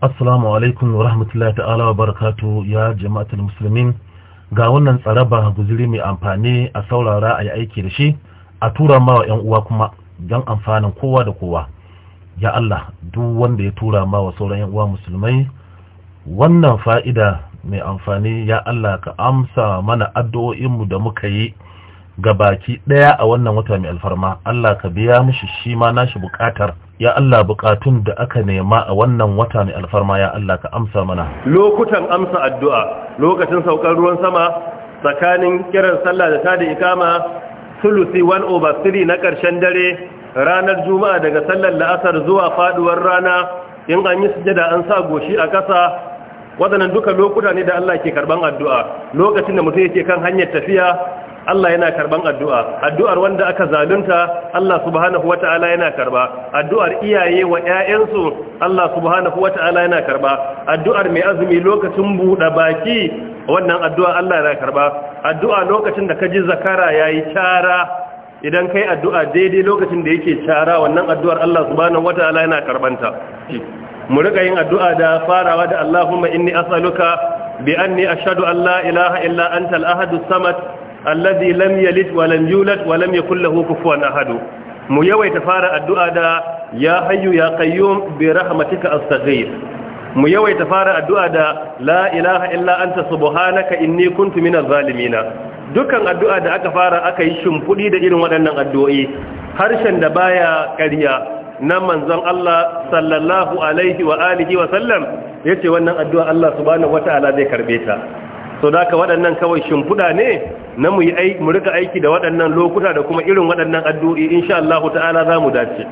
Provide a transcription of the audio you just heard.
assalamu alaikum wa rahmatullahi ta'ala wa barakatu ya jama'atul musulmin ga wannan tsaraba guzuri mai amfani a saurara a aiki da shi a tura ma wa yan uwa kuma don amfanin kowa da kowa ya Allah duk wanda ya tura ma wa sauran yan uwa musulmai wannan fa'ida mai amfani ya Allah ka amsa mana addu'o'inmu da muka yi ga baki ɗaya a wannan wata mai alfarma Allah ka biya mishi shi ma nashi buƙatar ya Allah bukatun da aka nema a wannan wata mai alfarma ya Allah ka amsa mana lokutan amsa addu'a lokacin saukar ruwan sama tsakanin kiran sallah da tada ikama sulusi 1 over 3 na karshen dare ranar juma'a daga sallar la'asar zuwa faduwar rana in an yi sujada an sa goshi a kasa. waɗannan duka lokuta ne da Allah ke karban addu'a lokacin da mutum yake kan hanyar tafiya Allah yana karban addu'a addu'ar wanda aka zalunta Allah subhanahu wata'ala yana karba addu'ar iyaye wa 'ya'yansu Allah subhanahu wata'ala yana karba addu'ar mai azumi lokacin buɗe baki wannan addu'a Allah yana karba addu'a lokacin da ka ji zakara yayi tara idan kai addu'a daidai lokacin da yake tara wannan addu'ar Allah subhanahu wata'ala yana karbanta mu rika yin addu'a da farawa da Allahumma inni as'aluka bi anni ashhadu an la ilaha illa anta al-ahadus samad alladhi lam yalid wa lam yulad wa lam yakul lahu kufuwan ahad mu yawaita fara addu'a da ya hayyu ya qayyum bi rahmatika astaghith mu yawaita fara addu'a da la ilaha illa anta subhanaka inni kuntu minaz zalimin dukkan addu'a da aka fara aka yi shimfudi da irin waɗannan addu'o'i harshen da baya ƙarya na manzon Allah sallallahu alaihi wa alihi wa sallam yace wannan addu'a Allah subhanahu wataala zai karbe ta so da waɗannan kawai shimfiɗa ne na mu rika aiki da waɗannan lokuta da kuma irin waɗannan addu'i sha Allah ta'ala za mu dace